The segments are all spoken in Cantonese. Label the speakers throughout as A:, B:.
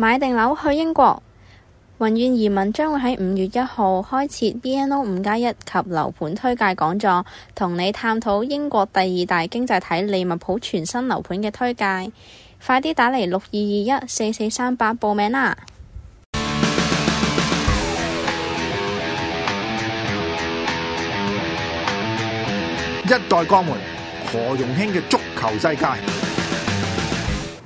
A: 買定樓去英國，宏願移民將會喺五月一號開設 B N O 五加一及樓盤推介講座，同你探討英國第二大經濟體利物浦全新樓盤嘅推介。快啲打嚟六二二一四四三八報名啦！
B: 一代鋼門何容興嘅足球世界。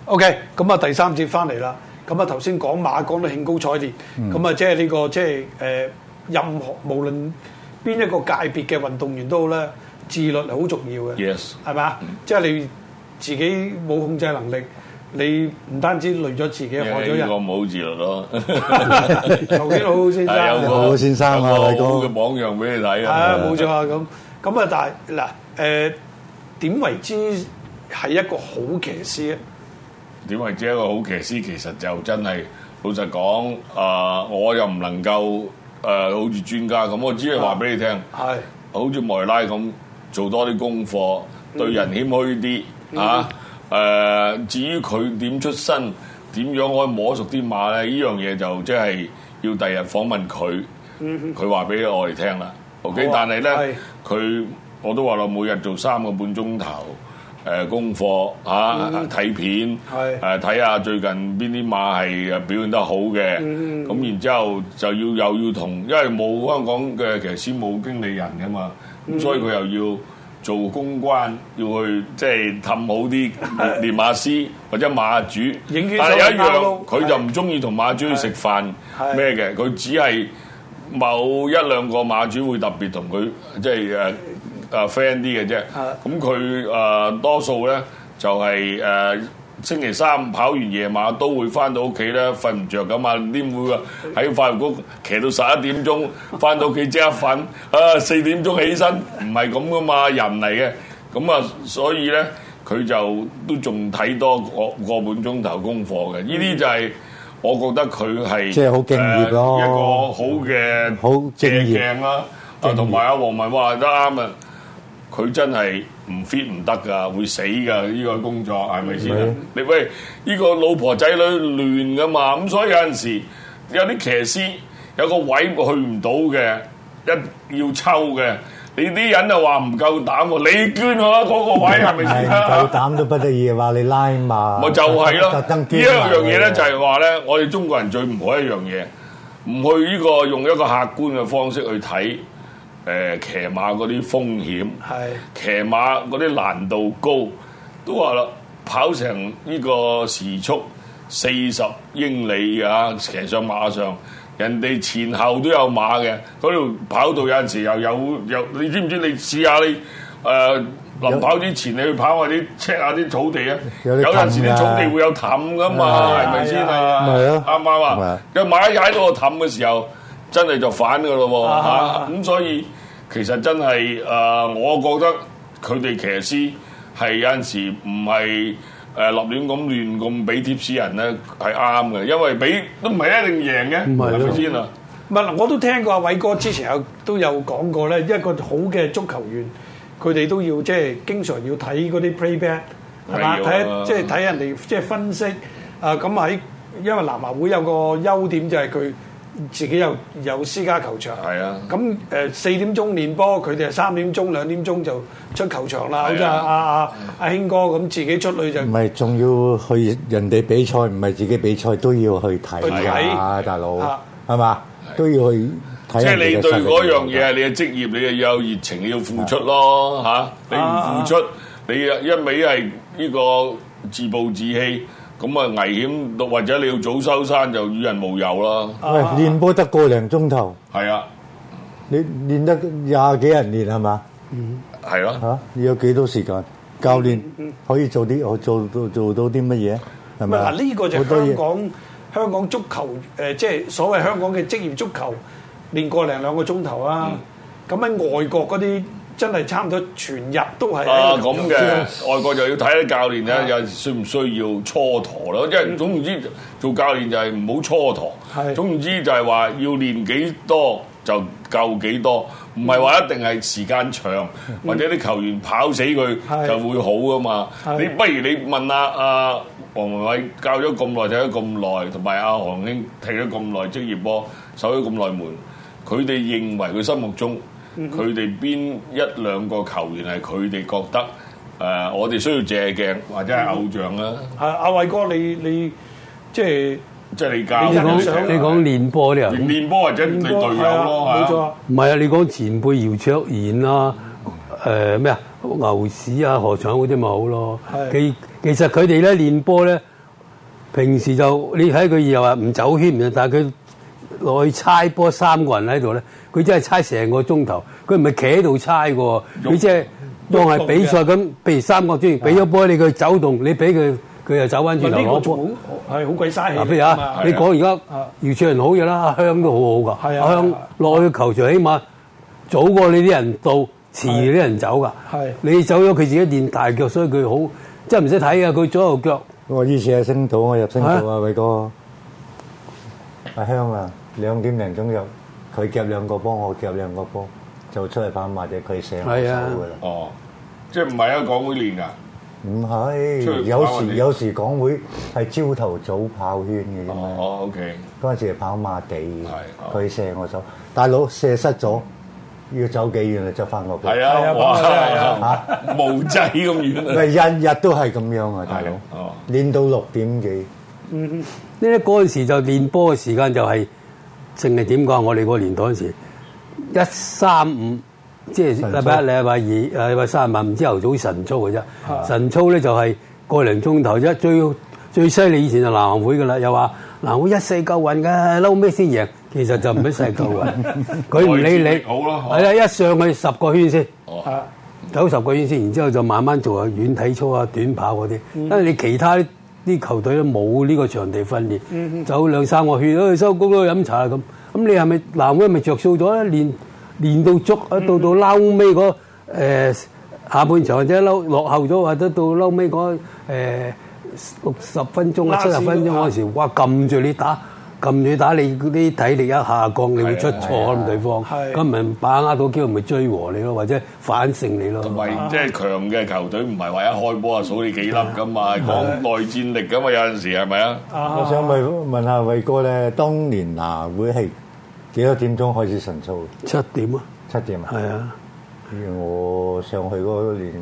B: O K，咁啊，第三節翻嚟啦。咁啊，頭先講馬講得興高采烈，咁啊，即係呢個即係誒，任何無論邊一個界別嘅運動員都好咧，自律係好重要嘅，係嘛？即係你自己冇控制能力，你唔單止累咗自己，害咗人。我
C: 冇自律咯，頭先好好先生，係有個好
B: 先生啊，有個好嘅榜樣俾你睇啊。係啊，冇錯啊，咁咁啊，但係嗱誒，點為之係一個好騎師咧？點為之一個
C: 好騎師，其實就真係老實講，啊，我又唔能夠誒好似專家咁，我只係話俾你聽，係、啊，好似莫拉咁做多啲功課，對人謙虛啲、嗯嗯、啊，誒，至於佢點出身，點樣可以摸熟啲馬咧，呢樣嘢就即係要第日訪問佢，佢話俾我哋聽啦，OK，但係咧，佢是的 我都話咯，每日做三個半鐘頭。誒、呃、功課嚇睇、啊嗯、片，誒睇下最近邊啲馬係表現得好嘅，咁、嗯、然之後就要又要同，因為冇香港嘅騎師冇經理人㗎嘛，咁、嗯、所以佢又要做公關，要去即係氹好啲練馬師是或者馬主，拍片 但係一樣佢是就唔中意同馬主去食飯咩嘅，佢只係某一兩個馬主會特別同佢即係誒。呃誒 friend 啲嘅啫，咁佢誒多數咧就係、是、誒、呃、星期三跑完夜晚都會翻到屋企咧，瞓唔着噶嘛，點會啊喺發育局騎到十一點鐘，翻到屋企即刻瞓 啊四點鐘起身，唔係咁噶嘛，人嚟嘅，咁啊所以咧佢就都仲睇多個個半鐘頭功課嘅，呢啲就係我覺得佢係、嗯啊、即係好敬業咯，一個好嘅、啊、好正業啦，同埋阿黃文話得啱啊！啊義佢真係唔 fit 唔得噶，會死噶！呢、這個工作係咪先？是不是 你喂，呢、這個老婆仔女亂噶嘛？咁所以有陣時有啲騎師有個位去唔到嘅，一要抽嘅，你啲人又話唔夠膽喎，你捐啦嗰個位係咪先？ 是是夠
D: 膽都不得已話 你拉馬，咪 就係咯。呢一
C: 樣嘢咧就係話咧， 我哋中國人最唔好一樣嘢，唔去呢、這個用一個客觀嘅方式去睇。誒騎馬嗰啲風險，的騎馬嗰啲難度高，都話啦，跑成呢個時速四十英里啊，騎上馬上，人哋前後都有馬嘅，嗰度跑道有陣時又有有，有，你知唔知你試下你誒臨跑之前你去跑下啲 check 下啲草地啊，有陣時啲草地會有氹㗎嘛，係咪先啊？係啊的，啱唔啱啊？佢馬踩到個氹嘅時候。真係就反噶咯喎吓，咁所以其實真係誒、呃，我覺得佢哋騎師係有陣時唔係誒立亂咁亂咁俾貼士人咧，係啱嘅，因為俾都唔係一定贏嘅。唔係先啊，
B: 唔係嗱，我都聽過阿偉哥之前也有都有講過咧，一個好嘅足球員，佢哋都要即係經常要睇嗰啲 playback 係嘛，睇即係睇人哋即係分析。誒咁喺因為南華會有個優點就係佢。自己又有私家球場，咁誒四點鐘練波，佢哋係三點鐘兩點鐘就出球場啦。好似阿阿阿興哥咁自己出去就
D: 唔係仲要去人哋比賽，唔係自己比賽都要去睇噶，大佬係嘛，都要去睇。即係你對嗰樣
C: 嘢，你嘅職業，你又有熱情，你要付出咯嚇。你唔付出，你一味係呢個自暴自棄。咁啊危險，或者你要早收山就與人無尤啦。喂，練
D: 波得個零鐘頭。係啊，你練得廿幾人練係嘛？嗯，
C: 係咯。
D: 嚇，你有幾多時間？教練可以做啲我做做做到啲乜嘢？係咪啊？呢個就係香
B: 港香港足球誒，即係所謂香港嘅職業足球，練個零兩個鐘頭啊！咁喺外國嗰啲。真係差唔多全日都係。啊，咁嘅樣
C: 外國就要睇下教練咧，有時需唔需要蹉跎咯？即係總言之，做教練就係唔好蹉跎。係是的 總言之就就，就係話要練幾多就夠幾多，唔係話一定係時間長是的 或者啲球員跑死佢就會好噶嘛？你不如你問下阿黃文偉教咗咁耐，睇咗咁耐，同埋阿黃興踢咗咁耐職業波，守咗咁耐門，佢哋認為佢心目中。佢哋邊一兩個球員係佢哋覺得、呃、我哋需要借鏡或者係偶像啊！
B: 阿偉哥，你你即係即係你講，你講說練波啲人，練波
C: 或者對隊友咯，冇的、啊、錯。
A: 唔係啊，你講前輩姚卓然啦、啊，誒、呃、咩啊，牛屎啊，何祥嗰啲咪好咯。其是的 其實佢哋咧練波咧，平時就你睇佢又話唔走圈嘅，但係佢。內猜波三個人喺度咧，佢真係猜成個鐘頭，佢唔係企喺度猜喎，佢即係當係比賽咁。譬如三個鐘，俾咗波你，佢走動，你俾佢，佢又走翻轉頭攞波。係
B: 好鬼嘥氣。譬如啊，你講而家
A: 姚卓然好嘢啦，阿香都好好噶。阿香落去球場，起碼早過你啲人到，遲啲人走㗎。你走咗，佢自己練大腳，所以佢好即係唔使睇啊！佢左右腳。我以前喺星島，我入
D: 星島啊，偉哥。阿香啊！兩點零鐘約，佢夾兩個波，我夾兩個波，就出嚟跑馬地，佢射我手㗎啦。哦，
C: 即係唔係喺港會練
D: 㗎？唔係，有時有時港會係朝頭早跑圈嘅啫。哦，OK。嗰時係跑馬地佢射我手，大佬射失咗，要走幾遠嚟執翻個？係呀，
C: 啊，冇濟
D: 咁遠。咪日日都係咁樣啊，大佬。哦。練到六點幾？
A: 嗯哼。呢個陣時就練波嘅時間就係。淨係點講？我哋嗰年代嗰時，1, 3, 5, 的一三五，即係禮拜一，禮拜二，誒，禮拜三啊五，朝頭早晨操嘅啫。晨操咧就係個零鐘頭啫，最最犀利以前就是南華會嘅啦。又話嗱，華一世夠運嘅，嬲咩先贏？其實就唔係一世夠運，佢唔 理你。係啦， 一上去十個圈先，走十個圈先，然之後就慢慢做下軟體操啊、短跑嗰啲。因為、嗯、你其他，啲球隊都冇呢個場地訓練，嗯、哼走兩三個圈，去收工都飲茶咁。咁你係咪南華咪着數咗咧？練練到足，到到撈尾嗰誒下半場或者撈落後咗，或者到撈尾嗰誒六十分鐘啊七十分鐘嗰時，哇撳住你打！撳你打，你啲體力一下降，你會出錯。咁對方，咁咪把握到機會咪追和你咯，或者反勝你咯。同埋即係強
C: 嘅球隊，唔係話一開波啊數你幾粒咁嘛，講內戰力咁嘛，有陣時係咪啊？
D: 我想問問下偉哥咧，當年南會係幾多點鐘開始晨操？七點啊！七點啊！係啊！我上去嗰
A: 年，年，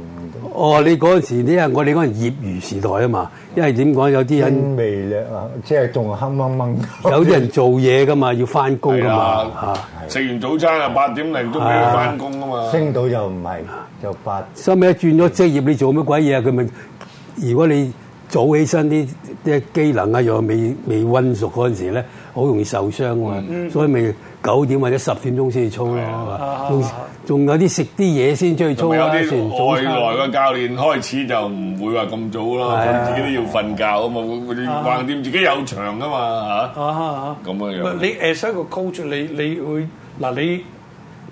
A: 哦，你嗰陣時啲人，我哋嗰陣業餘時代啊嘛，因為點講，有啲人未叻啊，即係仲黑掹掹，有啲人做嘢㗎嘛，要翻工㗎嘛，食的、啊、
C: 完早餐啊八點零鐘都俾佢翻工㗎嘛，是的升到又唔係，就八。
A: 收尾一轉咗職業，你做乜鬼嘢？佢咪，如果你。早起身啲啲機能啊，又未未溫熟嗰陣時咧，好容易受傷喎。嗯、所以咪九點或者十點鐘先去操咯。仲有啲食啲嘢先出去操先。仲有啲外來嘅
C: 教練開始就唔會話咁早咯，佢、啊、自己都要瞓覺係啊嘛。佢橫掂自己有場噶嘛嚇。咁嘅、啊
B: 啊、樣。你 as 一個 coach，你你會嗱你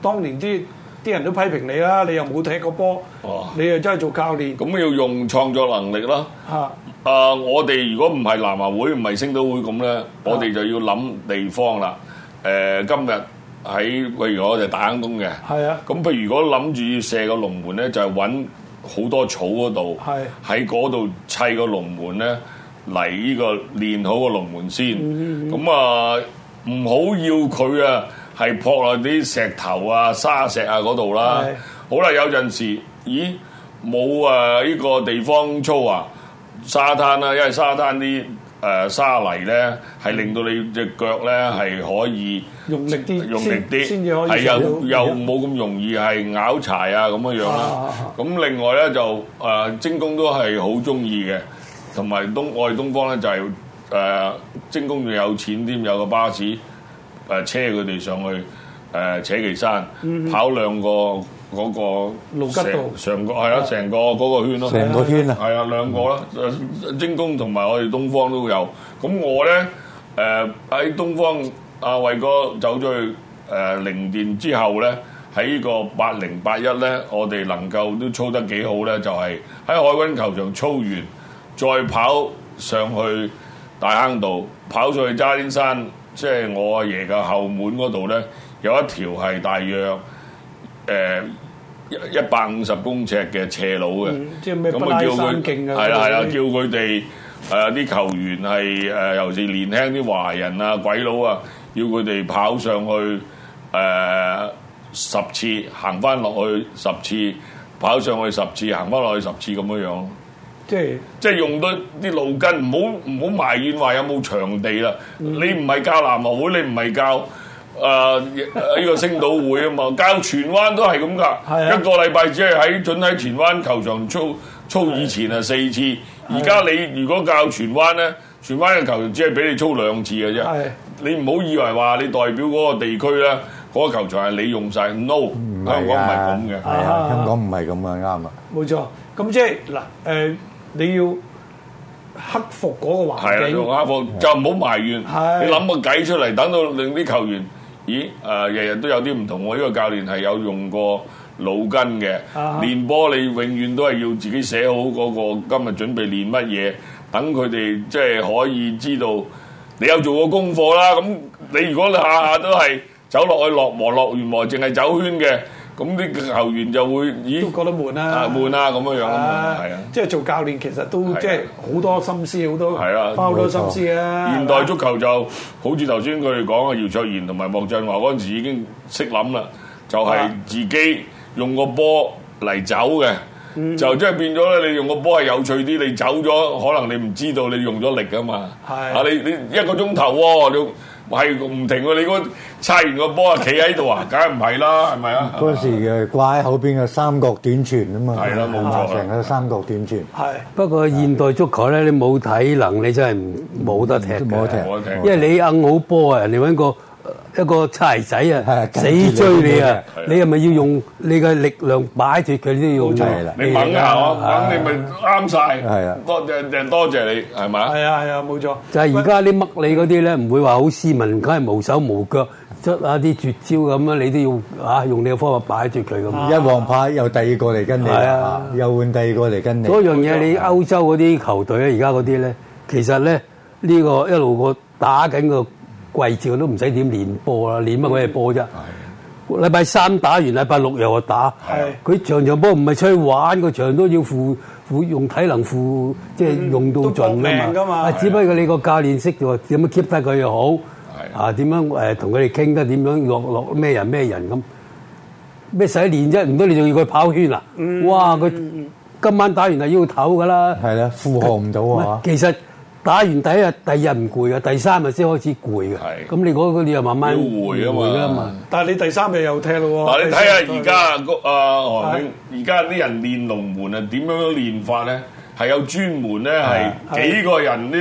B: 當年啲。啲人都批評你啦，你又冇踢過波，啊、你又真係
C: 做教練，咁要用創作能力啦。啊，呃、我哋如果唔係南華會、唔係星島會咁咧，啊、我哋就要諗地方啦、呃。今日喺譬如我就打緊工嘅，係啊，咁譬如如果諗住射個龍門咧，就係揾好多草嗰度，喺嗰度砌個龍門咧嚟呢個練好個龍門先。咁啊、嗯哼，唔好、呃、要佢啊！係撲落啲石頭啊、沙石啊嗰度啦。是的 好啦，有陣時，咦，冇啊！呢、呃呢個地方粗啊，沙灘啦、啊，因為沙灘啲誒、呃、沙泥咧係令到你隻腳咧係可以用力啲，用力啲，先至可以係又又冇咁容易係拗柴啊咁嘅樣咯、啊。咁、啊啊啊、另外咧就誒精工都係好中意嘅，同埋東愛東方咧就係誒精工仲有錢添，有個巴士。誒車佢哋上去誒扯旗山，嗯、哼跑兩個嗰、那個上上個係成、啊、個嗰圈咯，成、那個圈啦、啊，係啊兩、啊、個啦、嗯啊，精工同埋我哋東方都有。咁我咧誒喺東方阿偉、啊、哥走咗去誒、呃、零電之後咧，喺個八零八一咧，我哋能夠都操得幾好咧，就係、是、喺海軍球場操完，再跑上去大坑道，跑上去渣甸山。即係我阿爺嘅後門嗰度咧，有一條係大約誒一百五十公尺嘅斜路
B: 嘅，咁啊、嗯、叫佢係啦係啦，叫
C: 佢哋誒啲球員係誒、呃，尤其年輕啲華人啊鬼佬啊，要佢哋跑上去誒、呃、十次，行翻落去十次，跑上去十次，行翻落去十次咁樣樣。即係即係用到啲腦筋，唔好唔好埋怨話有冇場地啦。嗯、你唔係教南華會，你唔係教誒呢、呃、個星島會啊嘛。教荃灣都係咁噶，是啊、一個禮拜只係喺準喺荃灣球場操操以前啊四次。而家是、啊、你如果教荃灣咧，荃灣嘅球場只係俾你操兩次嘅啫。是啊、你唔好以為話你代表嗰個地區咧，嗰、嗰個球場係你用晒。No，香港唔係咁嘅，香港
D: 唔係咁嘅，啱啊。
B: 冇錯，咁即係嗱誒。呃你要克服嗰個環境，係用克
C: 服就唔好埋怨。你諗、嗯、個計出嚟，等到令啲球員，咦？誒、呃，日日都有啲唔同喎。因為教練係有用過腦筋嘅、啊、練波，你永遠都係要自己寫好嗰個今日準備練乜嘢，等佢哋即係可以知道你有做過功課啦。咁你如果你下下都係走落去落磨落完磨，淨係走圈嘅。咁啲球員就會，咦，覺得悶啦，悶啦咁樣樣啊，係啊，
B: 即係做教練其實都即係好多心思，好多，係啊，包多心思啊。現代足
C: 球就好似頭先佢哋講啊，姚卓然同埋莫振華嗰陣時已經識諗啦，就係自己用個波嚟走嘅，就即係變咗咧。你用個波係有趣啲，你走咗可能你唔知道你用咗力啊嘛，係啊，你你一個鐘頭喎。係唔停喎？你嗰擦完個波啊，企喺度啊，梗係唔係
A: 啦？係咪啊？嗰陣時誒掛喺後邊嘅三角短傳啊嘛，係啦，冇錯，成個三角短傳。係的的不過現代足球咧，你冇體能，你真係冇得踢冇得踢，因為你摁好波啊，人哋揾個。一個差仔啊，死追你啊！你係咪要用你嘅力量擺脱佢？都要好彩啦！你猛下，猛
C: 你咪啱晒。係啊，多謝多謝你，係咪？係啊，係啊，冇
A: 錯。就係而家啲乜你嗰啲咧，唔會話好斯文，梗係無手無腳，出下啲絕招咁樣，你都要啊，用你嘅方法擺脱佢咁。一黃牌又第二個嚟跟你啦，又換第二個
D: 嚟跟你。嗰樣嘢你
A: 歐洲嗰啲球隊咧，而家嗰啲咧，其實咧呢個一路個打緊個。季節我都唔使點練波啦，練乜鬼嘢波啫！禮拜是的 三打完，禮拜六又打。佢是的 場場波唔係出去玩，個場都要負，負用體能負，即係用到盡啊、嗯、嘛！只不過你個教練識喎，點樣 keep 得佢又好？是的 啊，點樣同佢哋傾得點樣落落咩人咩人咁？咩洗練啫？唔通你仲要佢跑圈啊？嗯、哇！佢今晚打完就要唞噶啦，係啦，負荷唔到啊其實。打完第一日，第二日唔攰啊，第三日先開始攰啊。係，咁你嗰個你又慢慢會啊嘛。但係你第三
B: 日又踢嘞喎。但係你睇下而
C: 家個阿韓冰，而家啲人練龍門啊，點樣練法咧？係有專門咧係幾個人呢？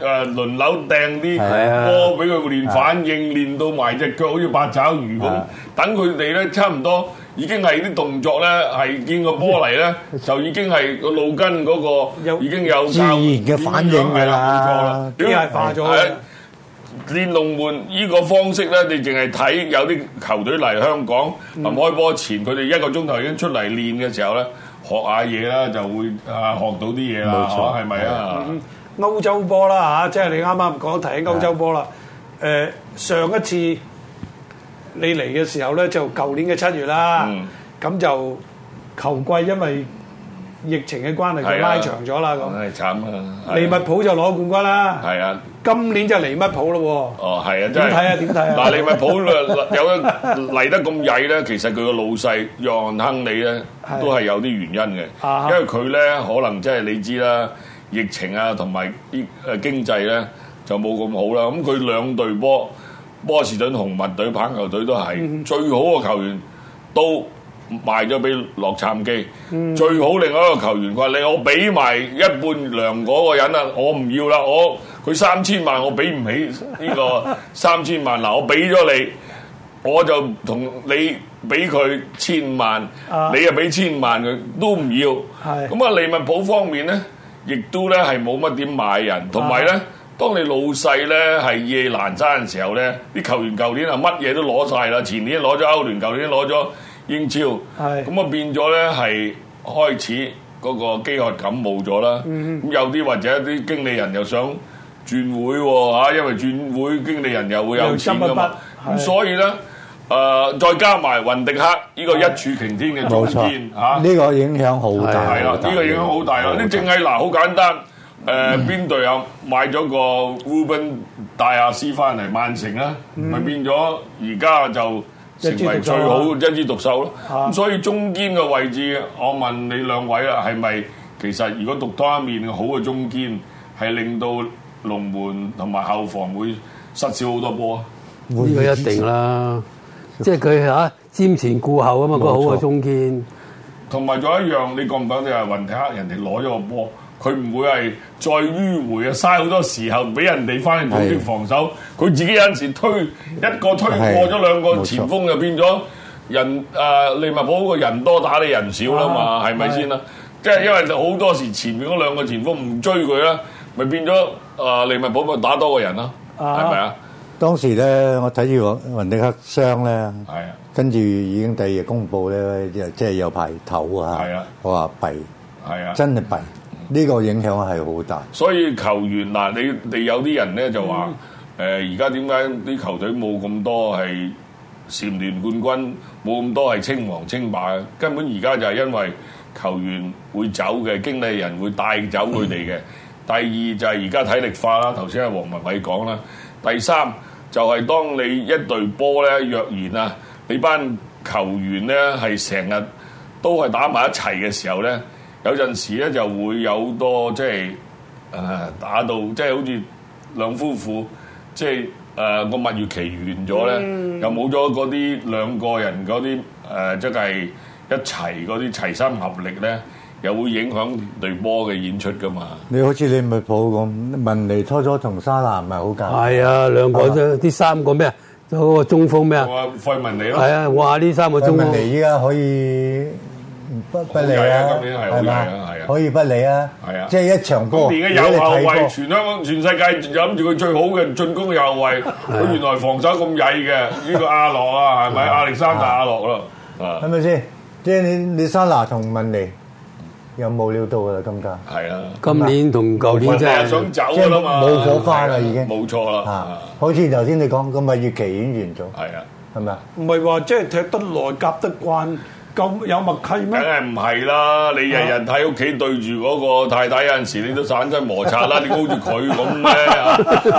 C: 誒輪流掟啲波俾佢練反應，練到埋隻腳好似八爪魚咁，等佢哋咧差唔多。已經係啲動作咧，係見個波嚟咧，嗯、就已經係個腦筋嗰個已經有自然
D: 嘅反應噶啦，機
C: 械化咗咧？練龍、嗯、門呢個方式咧，你淨係睇有啲球隊嚟香港，嗯、開波前佢哋一個鐘頭已經出嚟練嘅時候咧，學下嘢啦，
B: 就會啊學到啲嘢啦，係咪錯啊？歐、嗯、洲波啦吓，即係你啱啱講提起歐洲波啦，誒的、呃，上一次。你嚟嘅時候咧，就舊年嘅七月啦。咁、嗯、就球季因為疫情嘅關係，就拉長咗啦。咁係慘啊！利、哎啊、物浦就攞冠軍啦。係啊，今年就利物浦咯喎。啊、哦，係啊，真係點睇下點睇啊？嗱是，利、啊、 物浦有，有，有 得
C: 嚟得咁曳咧，其實佢個老細楊亨利咧，都係有啲原因嘅。啊、因為佢咧，可能即、就、係、是、你知啦，疫情啊，同埋誒經濟咧、啊，就冇咁好啦。咁佢兩隊波。波士頓紅襪隊、棒球隊都係、嗯、最好嘅球員，都賣咗俾洛杉磯。嗯、最好另外一個球員佢話：，你我俾埋一半糧嗰個人啊，我唔要啦，我佢三千萬，我俾唔起呢個三千萬。嗱， 我俾咗你，我就同你俾佢千萬，
B: 啊、你又俾
C: 千萬，佢都唔要。咁啊是，利物浦方面呢，亦都呢係冇乜點買人，同埋呢。啊當你老細呢係夜闌珊嘅時候呢，啲球員舊年啊乜嘢都攞晒啦，前年攞咗歐聯，舊年攞咗英超，咁啊是變咗呢係開始嗰個飢渴感冇咗啦。咁、嗯、有啲或者啲經理人又想轉會喎、啊、因為轉會經理人又會有錢噶嘛。咁所以呢，呃、再加埋雲迪克呢個一柱擎天嘅存在
D: 呢個影響好大，係啦、啊，呢大個影響好大啊！啲
C: 正義嗱好簡單。誒，邊隊啊，嗯、有買咗個魯賓迪亞斯翻嚟曼城啊，咪、嗯、變咗而家就成為最好一枝獨秀咯。咁、啊、所以中堅嘅位置，我問你兩位啦，係咪其實如果獨當一面好嘅中堅，係令到龍門同埋後防會失少好多波 啊？呢個一定啦，
A: 即係佢啊瞻前顧後啊嘛，個好嘅中堅，
C: 同埋仲有一樣，你覺唔覺得啊？雲迪克人哋攞咗個波。佢唔會係再迂回啊，嘥好多時候俾人哋翻去補貼防守。佢是的 自己有陣時推一個推過咗兩個前鋒，就變咗人。誒、啊、利物浦嗰個人多打你人少啦嘛，係咪先啦？即係是的 因為好多時前面嗰兩個前鋒唔追佢啦，咪變咗誒、啊、利物浦咪打多個人咯？係咪啊吧？
D: 當時咧，我睇住雲迪克傷咧，係啊，跟住已經第二日公佈咧，即係有排唞啊。是的 我話弊，係啊，真係弊。是的 呢個影響係好大，
C: 所以球員嗱，你哋有啲人咧就話：誒、嗯，而家點解啲球隊冇咁多係蟬聯冠軍，冇咁多係稱王稱霸？根本而家就係因為球員會走嘅，經理人會帶走佢哋嘅。嗯、第二就係而家體力化啦，頭先阿黃文偉講啦。第三就係當你一隊波咧，若然啊，你班球員咧係成日都係打埋一齊嘅時候咧。有陣時咧就會有多即係、呃、打到即係好似兩夫婦即係誒個蜜月期完咗咧，嗯、又冇咗嗰啲兩個人嗰啲、呃、即係一齊嗰啲齊心合力咧，又會影響隊波嘅演出噶嘛？
D: 你好似你咪抱咁文尼初初同沙蘭唔
A: 係好夾？係啊，兩個啫，啲是、啊、三個咩啊？嗰、嗰個中鋒咩啊？
C: 我費文尼咯。
A: 係啊，哇！呢三個中鋒文尼依、啊、家可以。不不理啊！今年係係係啊，
D: 可以不理啊，係啊，即係一場攻面嘅右後衛，
C: 全香港、全世界諗住佢最好嘅進攻嘅右衛，佢原來防守咁曳嘅呢個阿洛啊，係咪阿歷山大阿洛咯？
D: 係咪先？即係你你沙拿同文尼又冇料到噶啦，今屆係啦，今年同舊年真係想走噶冇火花啦，已經
B: 冇錯啦，好
D: 似頭先你講咁咪越期演員咗，係啊，係咪啊？
B: 唔係話即係踢得耐，夾得慣。咁有默契咩？梗係唔係啦！你日日喺屋企
C: 對住嗰個太太，有陣時你都產生摩擦啦。你好似佢咁咧，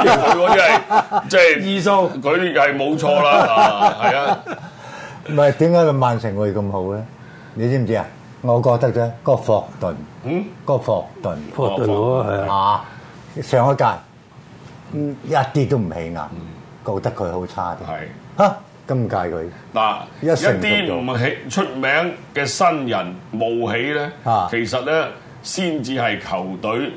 A: 佢嗰啲係即
C: 係醫生，佢係冇錯啦。係
D: 啊，唔係點解佢曼城會咁好咧？你知唔知啊？我覺得啫，格、那、弗、個、頓，那個、頓嗯，霍弗頓，破咗係啊，上一屆、嗯、一啲都唔起眼，嗯、覺得佢好差啲，係嚇的。啊。今屆佢
C: 嗱一啲唔起出名嘅新人冒起咧，其實咧先至係球隊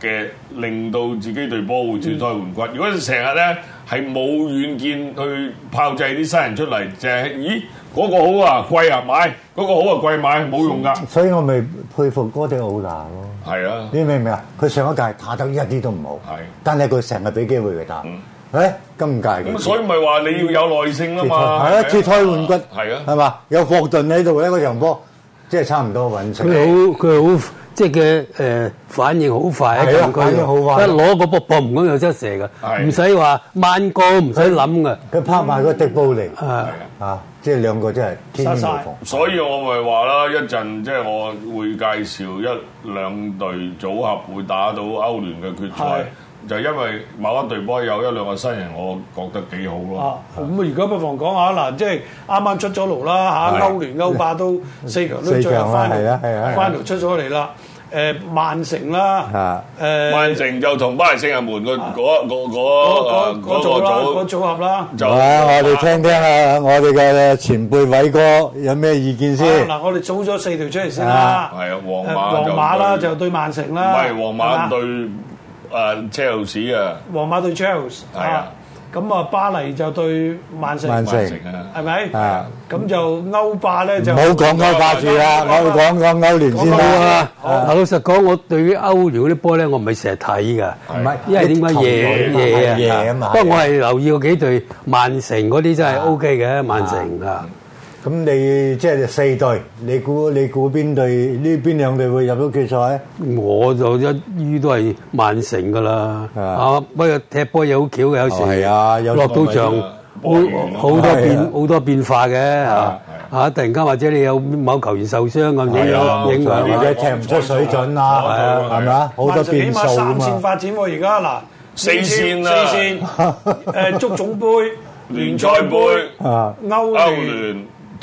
C: 嘅令到自己隊波脫胎換骨。嗯、如果你成日咧係冇遠見去炮製啲新人出嚟，即係咦嗰個好啊貴啊買嗰個好啊貴啊買，冇用噶。
D: 所以我咪佩服哥仔好難咯。係啊，你明唔明啊？佢上一屆打得一啲都唔好，是但係佢成日俾機會佢打。嗯誒，今屆咁，所以
C: 咪話你要有耐性啊嘛，係啊，脫
D: 胎換骨，係啊，係嘛，有霍頓喺度咧，嗰場波即係差唔多揾出，佢
A: 好佢好即係佢反應好快好快，一攞個波唔咁有出射噶，唔使話彎杆，唔使諗噶，佢拍埋個迪布力，係啊，即係
D: 兩個真係天衣無縫，
C: 所以我咪話啦，一陣即係我會介紹一兩隊組合會打到歐聯嘅決賽。就因為某一隊波有一兩個新人，我覺得幾好咯。
B: 咁啊，而家不妨講下嗱，即係啱啱出咗爐啦嚇，歐聯、歐霸都四強都進入翻嚟，翻嚟出咗嚟啦。誒，曼城啦，誒，曼城就同巴黎聖日門
C: 個嗰嗰
B: 組合啦。就我哋
D: 聽聽啊，我哋嘅前輩偉哥有咩意見先？
B: 嗱，我哋組咗四條出嚟先啦。係啊，皇馬皇
D: 馬
C: 啦，就
B: 對曼城啦。唔係皇馬
C: 對。啊，Chelsea
B: 啊，皇馬對 Chelsea，係啊，咁啊巴黎就對曼城，曼城啊，係咪？啊，咁就歐霸咧就冇講歐霸住啦，我要講講歐聯先啦嘛。
A: 老實講，我對於歐聯嗰啲波咧，我唔係成日睇噶，唔係，因為點解夜夜夜啊嘛。不過我係留意幾隊曼城嗰啲真係 OK 嘅，曼城
B: 啊。
D: 咁你即係四隊，你估你估邊隊呢，邊兩隊會入到決
A: 賽咧？我就一於都係曼城㗎喇。啊，不過踢波嘢好巧嘅，有時落到場
B: 好好多變
A: 好多變化嘅嚇嚇。突然間或者你有某球員受傷咁，影響或者踢唔出水準啦，係啊，係咪啊？好多變數啊嘛。幾萬三
B: 線發展喎，而家嗱四線啦，四線誒足總杯、聯賽杯、歐聯。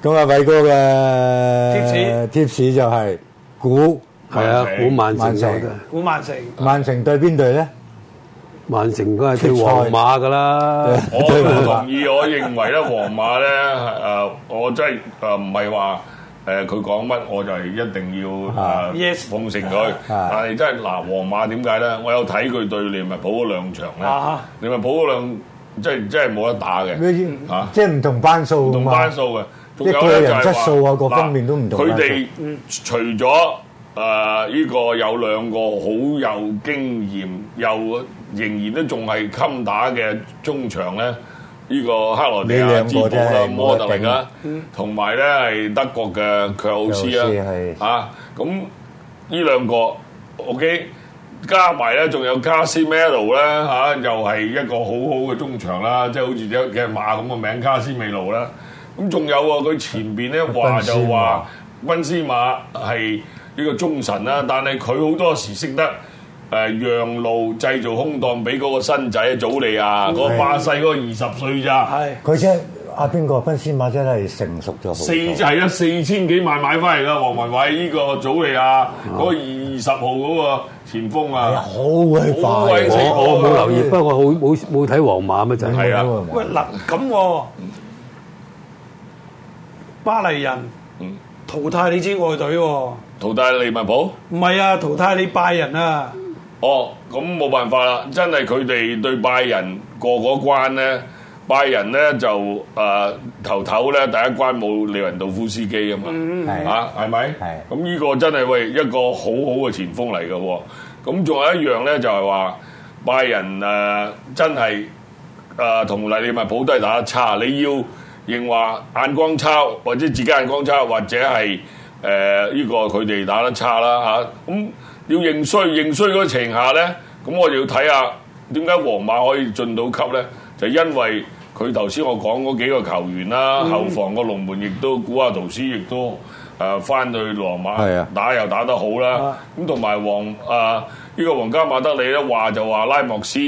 D: 咁啊，偉哥嘅貼士貼士就係古，係啊，古曼城，古曼城，曼城對邊隊咧？曼城都係對皇
A: 馬噶啦。我唔同
C: 意，我認為咧，皇馬咧，誒，我真係誒唔係話誒佢講乜，我就係一定要 yes 奉承佢。但係真係嗱，皇馬點解咧？我有睇佢對聯，咪補咗兩場啦。你咪補咗兩，即係真係冇得打嘅。
D: 即係唔同班數，唔同班
C: 數嘅。呢個人質素啊，各方面都唔同。佢哋那除咗誒呢個有兩個好有經驗又仍然都仲係襟打嘅中場咧，呢、這個克羅地亞兩之寶啦，摩特林啦，同埋咧係德國嘅卻奧斯啊嚇。咁呢兩個 OK，加埋咧仲有卡斯美路咧嚇，又係一個很好好嘅中場啦，啊，即係好似隻隻馬咁嘅名卡斯美路啦。嗯。咁仲有啊！佢前面咧話就話，賓斯馬係呢個忠臣啦。但係佢好多時識得誒讓路，製造空檔俾嗰個新仔祖利亞，巴西嗰個二十歲咋？係
D: 佢即係阿邊個賓斯馬真係成熟
A: 咗。
C: 四係啊，四千幾萬買翻嚟啦，黃文偉呢個祖利亞，嗰個二十號嗰個前鋒啊，好鬼快！我我冇留意，不
A: 過我好冇
B: 冇睇皇馬
A: 咩仔？係啊！
B: 喂，嗱咁。巴黎人淘汰你支外隊、啊，淘汰利物浦？唔係啊，淘汰你拜仁啊！
C: 哦，咁冇辦法啦，真係佢哋對拜仁過嗰關咧，拜仁咧就誒、呃、頭頭咧第一關冇利雲道夫斯基啊嘛，嚇係咪？咁呢個真係喂一個很好好嘅前鋒嚟嘅，咁仲有一樣咧就係、是、話拜仁誒、呃、真係誒同利利物浦都係打差，你要。認話眼光差，或者自己眼光差，或者係誒呢個佢哋打得差啦嚇。咁、啊、要認衰認衰嗰情下咧，咁我又要睇下點解皇馬可以進到級咧？就因為佢頭先我講嗰幾個球員啦，嗯、後防個龍門亦都古阿圖斯亦都誒翻到去皇馬打又打得好啦。咁同埋皇啊呢、啊呢個皇家馬德里咧話就話拉莫斯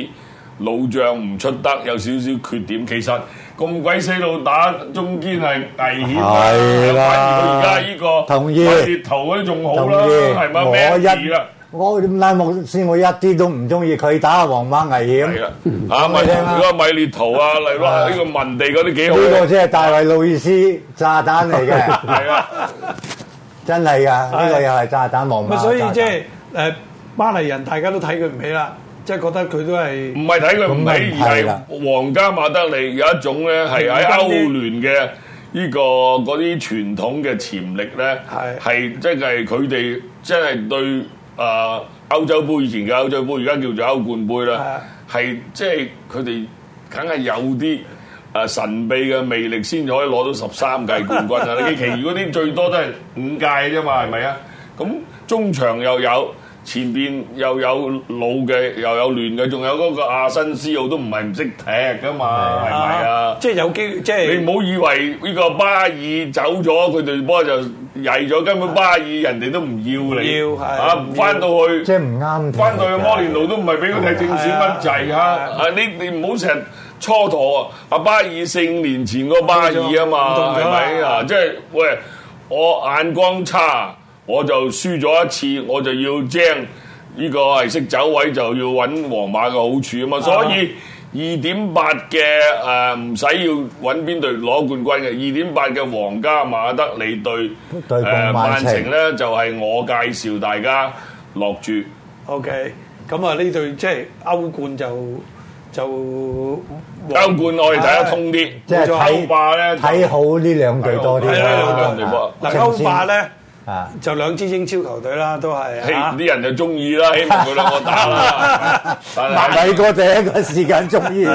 C: 老將唔出得有少少缺點，其實。咁鬼死老打，中堅係危險啦。係啦。而家依個米列圖嗰啲仲好啦，
D: 係咪我一，我我拉莫斯我一啲都唔中意，佢打阿皇馬危險。
C: 係啊，嚇咪聽啦，米列圖啊，例話呢個文地嗰啲幾好。呢個即係
D: 大衛路易斯炸彈嚟嘅，係啊，真係啊，呢個又係炸彈皇馬。所以
B: 即係誒巴黎人，大家都睇佢唔起啦。即係覺得佢都係唔係睇佢唔係，而係
C: 皇家馬德里。有一種咧係喺歐聯嘅呢個嗰啲傳統嘅潛力咧，係即係佢哋即係對啊歐洲杯以前嘅歐洲杯，而家叫做歐冠杯啦，係即係佢哋梗係有啲啊神秘嘅魅力先至可以攞到十三屆冠軍啊！你 其餘嗰啲最多都係五屆嘅啫嘛，係咪啊？咁中場又有。前邊又有老嘅，又有嫩嘅，仲有嗰個阿新斯奧都唔係唔識踢㗎嘛，係咪是啊，啊？即係、啊就是、有機，即、就、係、是、你唔好以為呢個巴爾走咗，佢哋波就曳咗。根本巴爾人哋都唔要你，不要是啊翻到去即係唔啱，翻、就是、到去摩連奴都唔係俾佢踢正，正選乜滯啊！啊你你唔好成日蹉跎啊！阿、啊、巴爾四五年前個巴爾啊嘛，係咪啊？即係、啊就是、喂，我眼光差。我就輸咗一次，我就要將呢個係識走位，就要揾皇馬嘅好處啊嘛！所以二點八嘅誒唔使要揾邊隊攞冠軍嘅，二點八嘅皇家馬德里對
B: 誒曼城咧
C: 就係我介紹大家落注。
B: OK，咁啊呢對即係歐冠就就歐冠我哋睇得通啲，即係歐霸咧睇睇
D: 好呢兩隊多啲啦。
B: 嗱歐霸咧。.就兩支英超球隊啦，都係啊！
C: 啲人就中意啦，希望佢兩個打啦。曼米
A: 哥第一個時間中
D: 意，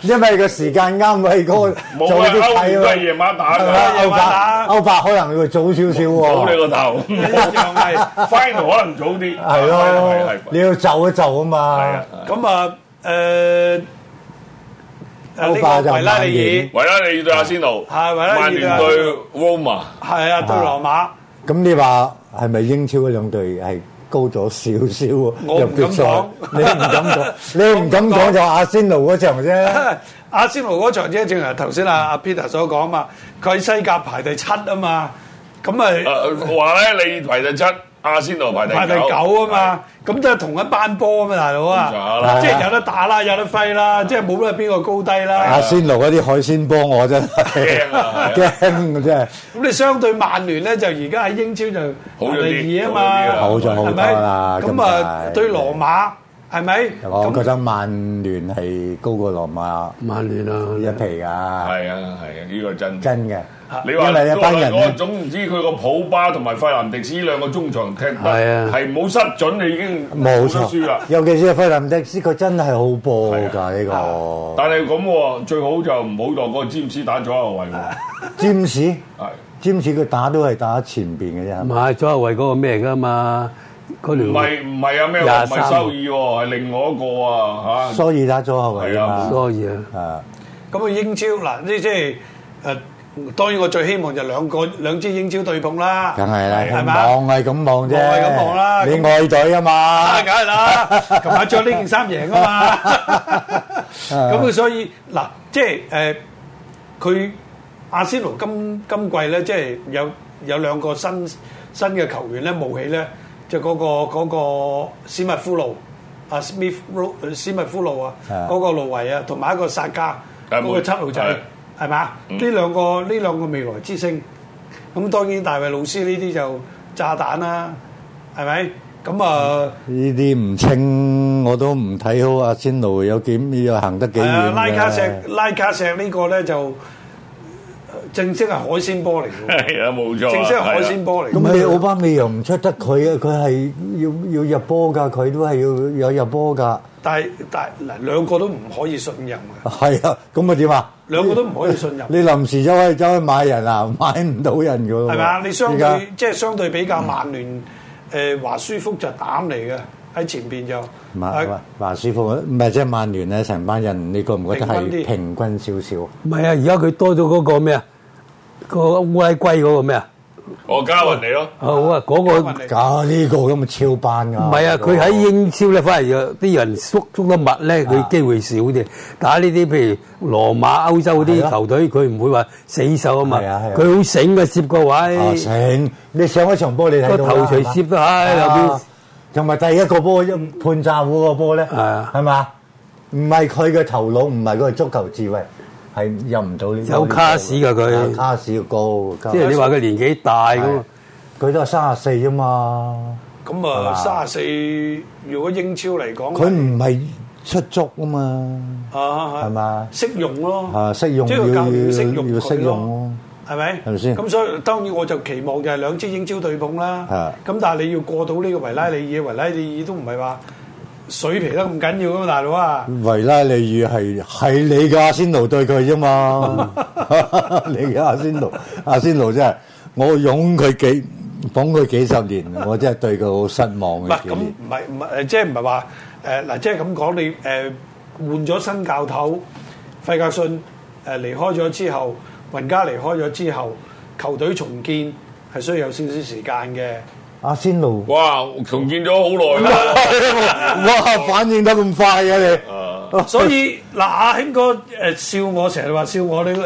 D: 因為個時間啱。曼哥夜晚
C: 打，歐巴
D: 歐巴可能會早少少喎。你個頭，
B: 係。Final 可能早啲。係咯，你
D: 要就一就啊嘛。
B: 咁啊，誒，
D: 歐巴就。維拉利爾，
C: 維拉利爾對阿仙奴，係。曼聯對
B: 羅馬，係啊，對羅馬。
D: 咁你話係咪英超嗰兩隊係高咗少少入決賽你唔敢講， 你唔敢講 就阿仙奴嗰場
B: 啫。 阿仙奴嗰場啫，正如頭先阿阿 Peter 所講嘛，佢西甲排第七啊嘛，咁咪話
C: 咧你排第七。阿仙奴排第九
B: 啊嘛，咁都係同一班波啊嘛，大佬啊，即係有得打啦，有得揮啦，即係冇咩邊個高低啦。阿
D: 仙奴嗰啲海鮮波我真係驚真
B: 係。咁你相對曼聯咧，就而家喺英超就第二啊嘛，好咗好多。咁啊對羅馬係咪？我覺
D: 得曼聯係高過羅馬。曼聯啊，一皮啊。係啊係啊，呢個真真嘅。你話嚟一班人，我
C: 總唔知佢個普巴同埋費蘭迪斯呢兩個中場踢得係啊，係冇失準你已經冇輸啦。
D: 尤其是費蘭迪斯，佢真係好波呢個。
C: 但係咁喎，最好就唔好當個詹士打左後衞喎。詹士係
D: 詹士，佢打都係打前邊嘅啫。唔係左後衛嗰個咩㗎嘛？嗰條唔
C: 係唔係啊？咩唔係收爾喎？係另外一個啊嚇。蘇爾打
B: 左後衛啊。蘇爾啊，咁啊英超嗱即係當然，我最希望就兩個兩支英超對碰啦，
D: 梗係啦，望係咁望啫，望係咁望啦，你愛隊
B: 啊嘛，梗係啦，琴晚著呢件衫贏啊嘛，咁所以嗱，即係誒，佢阿仙奴今今季咧，即係有有兩個新新嘅球員咧冒起咧，就嗰個嗰個史密夫路阿 Smith 路史密夫路啊，嗰個路維啊，同埋一個薩卡嗰個七號仔。係嘛？呢兩、嗯、個呢兩個未來之星，咁當然大衞路斯呢啲就炸彈啦，係咪？咁啊
D: 呢啲唔清，我都唔睇好阿仙奴有幾要行得幾遠，啊、拉卡石，
B: 拉卡石個呢個咧就。正式係海鮮波嚟嘅，係啊冇錯，正式係海鮮波嚟。咁你奧
D: 巴美又唔出得佢啊？佢係要要入波㗎，佢都係要有入波㗎。
B: 但係但嗱兩個都唔可以信任
D: 㗎。係啊，咁啊點啊？
B: 兩個都唔可以信任。你
D: 臨時走去走去買人啊，買唔到人㗎咯。係嘛？你相對
B: 即係相對比較曼聯誒，華舒福就膽嚟嘅，喺前邊就
D: 華華舒福唔係即係曼聯咧，成班人你覺唔覺得係平均少少？
B: 唔
A: 係啊，而家佢多咗嗰個咩啊？個烏拉圭嗰個
D: 咩
A: 啊？卡雲尼囉。好啊，嗰、那個假呢、啊這個咁咪超班㗎。唔係啊，佢喺的英超咧，反而有啲人捉足得密咧，佢機會少啲。的打呢啲譬如羅馬、歐洲啲球隊，佢唔的會話死守啊嘛。佢好醒
D: 嘅，攝個位。醒、哦，你上一場波你睇頭錘攝啊，同埋第一個波判詐糊波咧，係嘛的？唔係佢嘅頭腦，唔係佢足球智慧。係入唔到呢啲有卡士噶，佢卡士高。即係你話佢
B: 年紀大，
A: 佢都係卅四
D: 啊嘛。
B: 咁啊，卅四如果英超嚟講，佢唔
D: 係出足啊嘛，
B: 係嘛？適用咯，適用要適用佢咯，係咪？係咪先？咁所以當然我就期望就係兩支英超對碰啦。咁但係你要過到呢個維拉利爾，維拉利爾都唔係話。水皮到咁緊要㗎嘛，大佬啊！
D: 維拉利爾係係你嘅阿仙奴對佢啫嘛，你嘅阿仙奴，阿仙奴真係我擁佢幾捧佢幾十年，我真係對佢好失望嘅。
B: 唔係咁唔係唔係，即係唔係話誒嗱，即係咁講你誒換咗新教頭費格遜誒離開咗之後，雲加離開咗之後，球隊重建係需要有少少時間嘅。
D: 阿仙奴，
B: 哇重建咗好耐啦，哇 反應得咁快嘅、啊、你，uh, 所以嗱阿、啊、興哥誒笑我成日話笑我咧，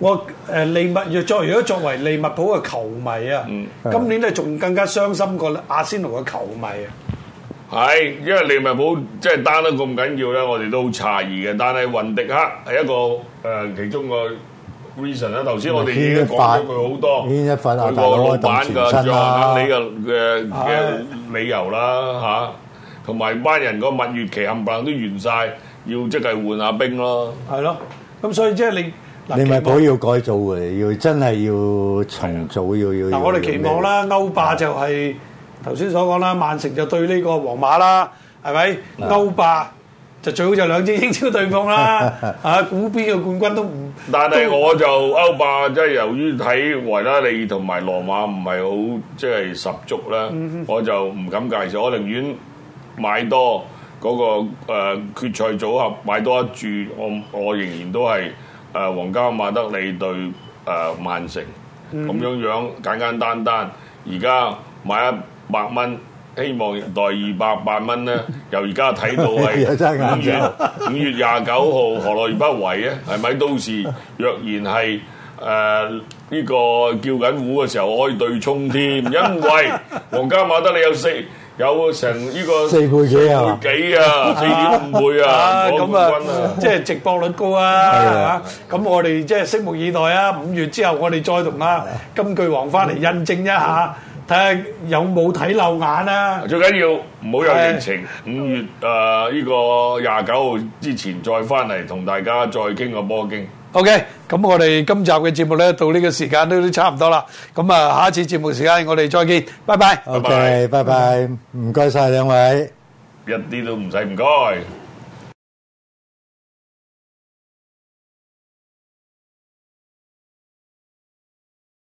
B: 我誒利物浦作如果作為利物浦嘅球迷啊，嗯、今年咧仲的更加傷心過阿仙奴嘅球迷啊，
C: 係因為利物浦即係 down 得咁緊要咧，我哋都好詫異嘅，但係雲迪克係一個誒、呃、其中個。reason 啦，
D: 頭先我哋已經講咗佢好多，每個老闆嘅、總經理
C: 嘅嘅理由啦嚇，同埋班人個蜜月期冚唪都完晒，要即係換下
B: 兵咯。係咯，咁所以即係你，你咪
D: 要改造嚟，要真係要重組，要要。嗱，我哋期望啦，
B: 歐霸就係頭先所講啦，曼城就對呢個皇馬啦，係咪歐霸？就最好就兩支英超對碰啦，啊，嚇、 啊，估邊個冠軍都唔。但係我就
C: 歐霸即係、就是、由於睇維拉利同埋羅馬唔係好即係十足啦，嗯、哼我就唔敢介紹，我寧願買多嗰、那個誒、呃、決賽組合買多一注，我我仍然都係誒皇家馬德里對誒、呃、曼城咁、嗯、哼樣樣簡簡單單，而家買一百蚊。希望袋二百萬蚊咧，由而家睇到係五月五月廿九號，何樂而不為啊？係咪到時？若然係誒、呢個叫緊股嘅時候，可以對沖添，因為皇家馬德里有四
B: 有成呢個
D: 四倍幾
B: 啊，四點五倍啊，咁啊，即係直播率高啊，吓，咁我哋即係拭目以待啊！五月之後，我哋再同阿金句王翻嚟印證一下。誒，有冇睇漏眼啊？最
C: 緊要唔好有疫情。五月誒，呢個廿九號之前再翻嚟同大家再傾個波經。
B: OK，咁我哋今集嘅節目咧，到呢個時間都都差唔多啦。咁啊，下一次節目時間我哋再見，拜拜，拜拜，拜拜，
D: 唔該晒兩位，
B: 一啲都唔使唔該。